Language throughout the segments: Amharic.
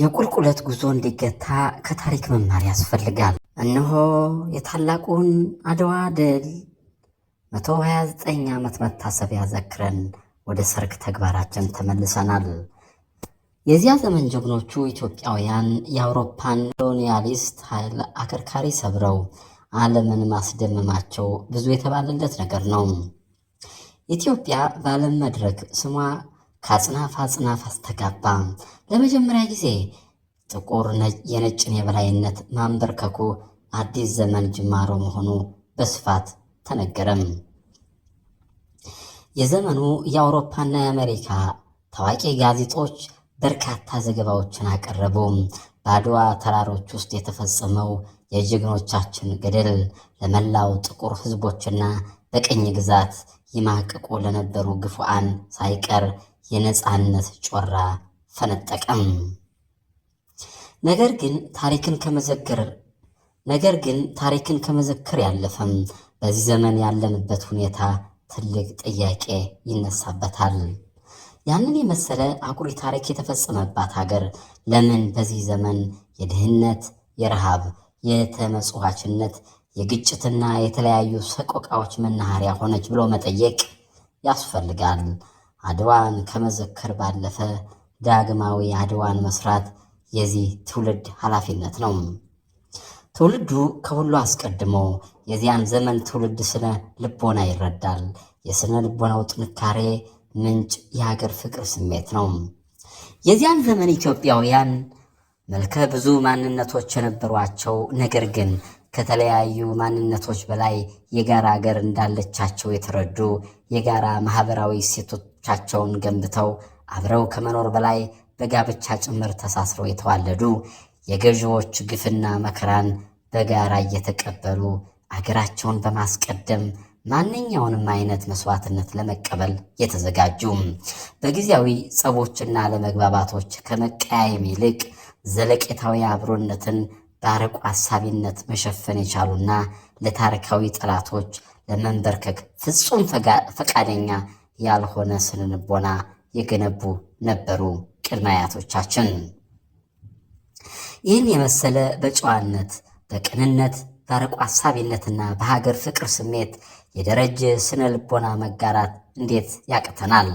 የቁልቁለት ጉዞ እንዲገታ ከታሪክ መማር ያስፈልጋል። እነሆ የታላቁን አድዋ ድል 129 ዓመት መታሰቢያ ዘክረን ወደ ሰርክ ተግባራችን ተመልሰናል። የዚያ ዘመን ጀግኖቹ ኢትዮጵያውያን የአውሮፓን ኮሎኒያሊስት ኃይል አከርካሪ ሰብረው ዓለምን ማስደመማቸው ብዙ የተባለለት ነገር ነው። ኢትዮጵያ በዓለም መድረክ ስሟ ከአጽናፍ አጽናፍ አስተጋባ። ለመጀመሪያ ጊዜ ጥቁር የነጭን የበላይነት ማንበርከኩ አዲስ ዘመን ጅማሮ መሆኑ በስፋት ተነገረም። የዘመኑ የአውሮፓና የአሜሪካ ታዋቂ ጋዜጦች በርካታ ዘገባዎችን አቀረቡ። በአድዋ ተራሮች ውስጥ የተፈጸመው የጀግኖቻችን ገድል ለመላው ጥቁር ሕዝቦችና በቅኝ ግዛት ይማቅቁ ለነበሩ ግፉዓን ሳይቀር የነፃነት ጮራ ፈነጠቀም። ነገር ግን ታሪክን ከመዘክር ነገር ግን ታሪክን ከመዘክር ያለፈም በዚህ ዘመን ያለንበት ሁኔታ ትልቅ ጥያቄ ይነሳበታል። ያንን የመሰለ አኩሪ ታሪክ የተፈጸመባት ሀገር ለምን በዚህ ዘመን የድህነት፣ የረሃብ፣ የተመጽዋችነት፣ የግጭትና የተለያዩ ሰቆቃዎች መናኸሪያ ሆነች ብሎ መጠየቅ ያስፈልጋል። አድዋን ከመዘከር ባለፈ ዳግማዊ አድዋን መስራት የዚህ ትውልድ ኃላፊነት ነው። ትውልዱ ከሁሉ አስቀድሞ የዚያን ዘመን ትውልድ ስነ ልቦና ይረዳል። የስነ ልቦናው ጥንካሬ ምንጭ የሀገር ፍቅር ስሜት ነው። የዚያን ዘመን ኢትዮጵያውያን መልከ ብዙ ማንነቶች የነበሯቸው ነገር ግን ከተለያዩ ማንነቶች በላይ የጋራ ሀገር እንዳለቻቸው የተረዱ የጋራ ማህበራዊ ሴቶች ቻቸውን ገንብተው አብረው ከመኖር በላይ በጋብቻ ጭምር ተሳስረው የተዋለዱ የገዢዎች ግፍና መከራን በጋራ እየተቀበሉ አገራቸውን በማስቀደም ማንኛውንም አይነት መስዋዕትነት ለመቀበል የተዘጋጁ በጊዜያዊ ጸቦችና ለመግባባቶች ከመቀያየም ይልቅ ዘለቄታዊ አብሮነትን በአርቆ አሳቢነት መሸፈን የቻሉና ለታሪካዊ ጠላቶች ለመንበርከክ ፍጹም ፈቃደኛ ያልሆነ ልቦና የገነቡ ነበሩ ቅድመ አያቶቻችን። ይህን የመሰለ በጨዋነት በቅንነት በአርቆ ሀሳቢነትና በሀገር ፍቅር ስሜት የደረጀ ስነ ልቦና መጋራት እንዴት ያቅተናል?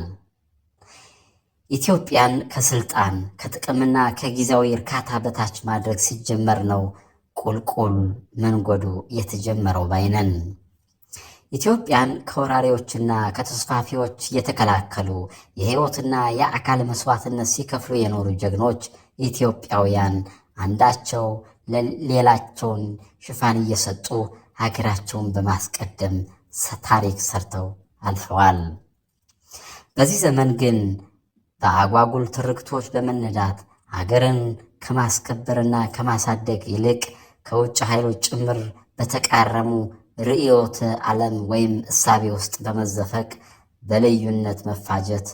ኢትዮጵያን ከስልጣን ከጥቅምና ከጊዜያዊ እርካታ በታች ማድረግ ሲጀመር ነው ቁልቁል መንገዱ የተጀመረው ባይነን ኢትዮጵያን ከወራሪዎችና ከተስፋፊዎች የተከላከሉ የሕይወትና የአካል መስዋዕትነት ሲከፍሉ የኖሩ ጀግኖች ኢትዮጵያውያን አንዳቸው ለሌላቸውን ሽፋን እየሰጡ ሀገራቸውን በማስቀደም ታሪክ ሰርተው አልፈዋል። በዚህ ዘመን ግን በአጓጉል ትርክቶች በመነዳት ሀገርን ከማስከበርና ከማሳደግ ይልቅ ከውጭ ኃይሎች ጭምር በተቃረሙ ርዕዮተ ዓለም ወይም እሳቤ ውስጥ በመዘፈቅ በልዩነት መፋጀት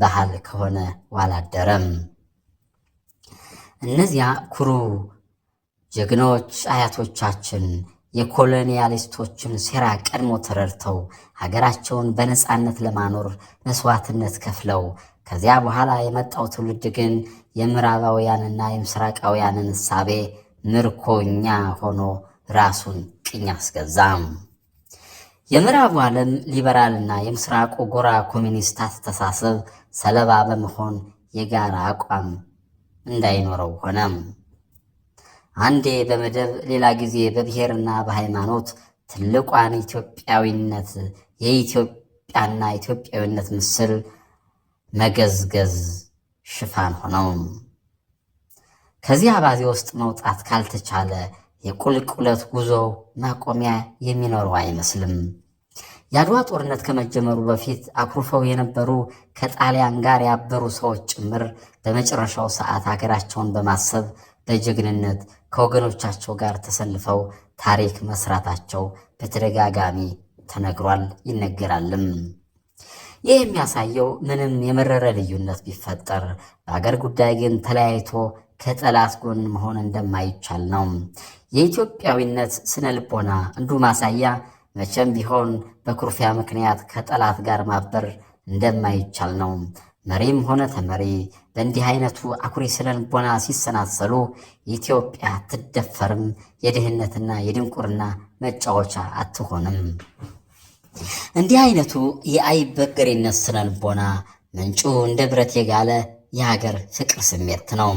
ባህል ከሆነ ዋላደረም። እነዚያ ኩሩ ጀግኖች አያቶቻችን የኮሎኒያሊስቶችን ሴራ ቀድሞ ተረድተው ሀገራቸውን በነፃነት ለማኖር መስዋዕትነት ከፍለው ከዚያ በኋላ የመጣው ትውልድ ግን የምዕራባውያንና የምስራቃውያንን እሳቤ ምርኮኛ ሆኖ ራሱን ቅኝ አስገዛም። የምዕራቡ ዓለም ሊበራልና የምስራቁ ጎራ ኮሚኒስት አስተሳሰብ ሰለባ በመሆን የጋራ አቋም እንዳይኖረው ሆነም። አንዴ በመደብ ሌላ ጊዜ በብሔርና በሃይማኖት ትልቋን ኢትዮጵያዊነት የኢትዮጵያና ኢትዮጵያዊነት ምስል መገዝገዝ ሽፋን ሆነው ከዚህ አባዜ ውስጥ መውጣት ካልተቻለ የቁልቁለት ጉዞ ማቆሚያ የሚኖረው አይመስልም። የአድዋ ጦርነት ከመጀመሩ በፊት አኩርፈው የነበሩ ከጣሊያን ጋር ያበሩ ሰዎች ጭምር በመጨረሻው ሰዓት ሀገራቸውን በማሰብ በጀግንነት ከወገኖቻቸው ጋር ተሰልፈው ታሪክ መስራታቸው በተደጋጋሚ ተነግሯል ይነገራልም። ይህ የሚያሳየው ምንም የመረረ ልዩነት ቢፈጠር በአገር ጉዳይ ግን ተለያይቶ ከጠላት ጎን መሆን እንደማይቻል ነው። የኢትዮጵያዊነት ስነ ልቦና አንዱ ማሳያ መቼም ቢሆን በኩርፊያ ምክንያት ከጠላት ጋር ማበር እንደማይቻል ነው። መሪም ሆነ ተመሪ በእንዲህ አይነቱ አኩሪ ስነ ልቦና ሲሰናሰሉ ኢትዮጵያ አትደፈርም፣ የድህነትና የድንቁርና መጫወቻ አትሆንም። እንዲህ አይነቱ የአይበገሬነት ስነ ልቦና ምንጩ እንደ ብረት የጋለ የሀገር ፍቅር ስሜት ነው።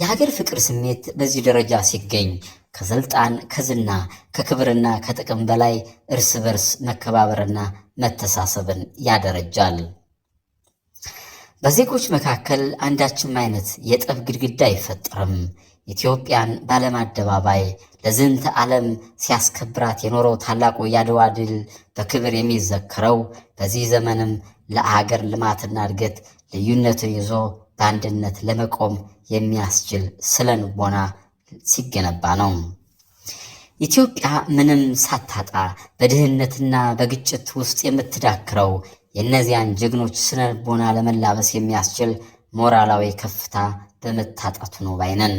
የሀገር ፍቅር ስሜት በዚህ ደረጃ ሲገኝ ከስልጣን ከዝና ከክብርና ከጥቅም በላይ እርስ በርስ መከባበርና መተሳሰብን ያደረጃል። በዜጎች መካከል አንዳችም አይነት የጠብ ግድግዳ አይፈጠርም። ኢትዮጵያን በዓለም አደባባይ ለዝንተ ዓለም ሲያስከብራት የኖረው ታላቁ የአድዋ ድል በክብር የሚዘከረው በዚህ ዘመንም ለአገር ልማትና እድገት ልዩነትን ይዞ በአንድነት ለመቆም የሚያስችል ስለንቦና። ሲገነባ ነው። ኢትዮጵያ ምንም ሳታጣ በድህነትና በግጭት ውስጥ የምትዳክረው የእነዚያን ጀግኖች ስነልቦና ለመላበስ የሚያስችል ሞራላዊ ከፍታ በመታጣቱ ነው ባይነን።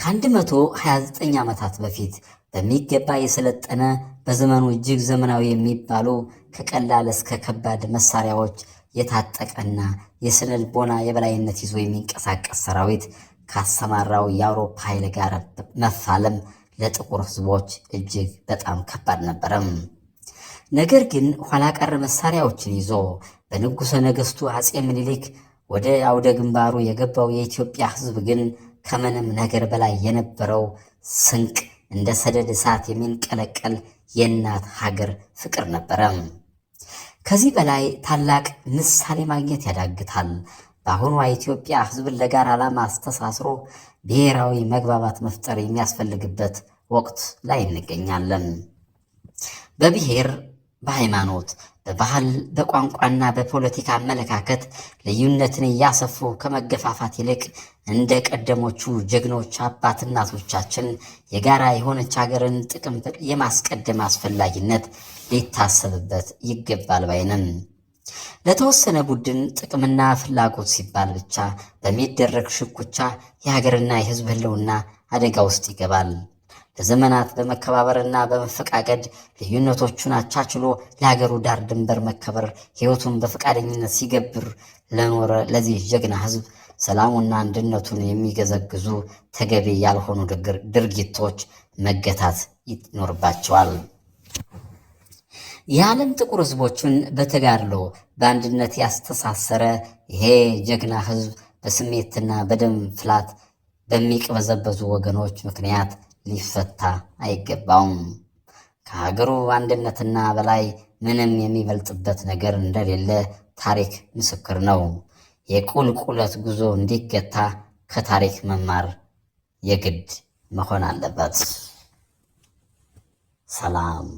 ከ129 ዓመታት በፊት በሚገባ የሰለጠነ በዘመኑ እጅግ ዘመናዊ የሚባሉ ከቀላል እስከ ከባድ መሳሪያዎች የታጠቀና የስነልቦና የበላይነት ይዞ የሚንቀሳቀስ ሰራዊት ካሰማራው የአውሮፓ ኃይል ጋር መፋለም ለጥቁር ህዝቦች እጅግ በጣም ከባድ ነበረም። ነገር ግን ኋላ ቀር መሳሪያዎችን ይዞ በንጉሠ ነገሥቱ አጼ ምኒልክ ወደ አውደ ግንባሩ የገባው የኢትዮጵያ ህዝብ ግን ከምንም ነገር በላይ የነበረው ስንቅ እንደ ሰደድ እሳት የሚንቀለቀል የእናት ሀገር ፍቅር ነበረ። ከዚህ በላይ ታላቅ ምሳሌ ማግኘት ያዳግታል። በአሁኗ ኢትዮጵያ ህዝብን ለጋራ ዓላማ አስተሳስሮ ብሔራዊ መግባባት መፍጠር የሚያስፈልግበት ወቅት ላይ እንገኛለን። በብሔር፣ በሃይማኖት፣ በባህል፣ በቋንቋና በፖለቲካ አመለካከት ልዩነትን እያሰፉ ከመገፋፋት ይልቅ እንደ ቀደሞቹ ጀግኖች አባት እናቶቻችን የጋራ የሆነች ሀገርን ጥቅም የማስቀደም አስፈላጊነት ሊታሰብበት ይገባል ባይ ለተወሰነ ቡድን ጥቅምና ፍላጎት ሲባል ብቻ በሚደረግ ሽኩቻ የሀገርና የሕዝብ ህልውና አደጋ ውስጥ ይገባል። ለዘመናት በመከባበርና በመፈቃቀድ ልዩነቶቹን አቻችሎ ለሀገሩ ዳር ድንበር መከበር ህይወቱን በፈቃደኝነት ሲገብር ለኖረ ለዚህ ጀግና ህዝብ ሰላሙና አንድነቱን የሚገዘግዙ ተገቢ ያልሆኑ ድርጊቶች መገታት ይኖርባቸዋል። የዓለም ጥቁር ህዝቦችን በተጋድሎ በአንድነት ያስተሳሰረ ይሄ ጀግና ህዝብ በስሜትና በደም ፍላት በሚቅበዘበዙ ወገኖች ምክንያት ሊፈታ አይገባውም። ከሀገሩ አንድነትና በላይ ምንም የሚበልጥበት ነገር እንደሌለ ታሪክ ምስክር ነው። የቁልቁለት ጉዞ እንዲገታ ከታሪክ መማር የግድ መሆን አለበት። ሰላም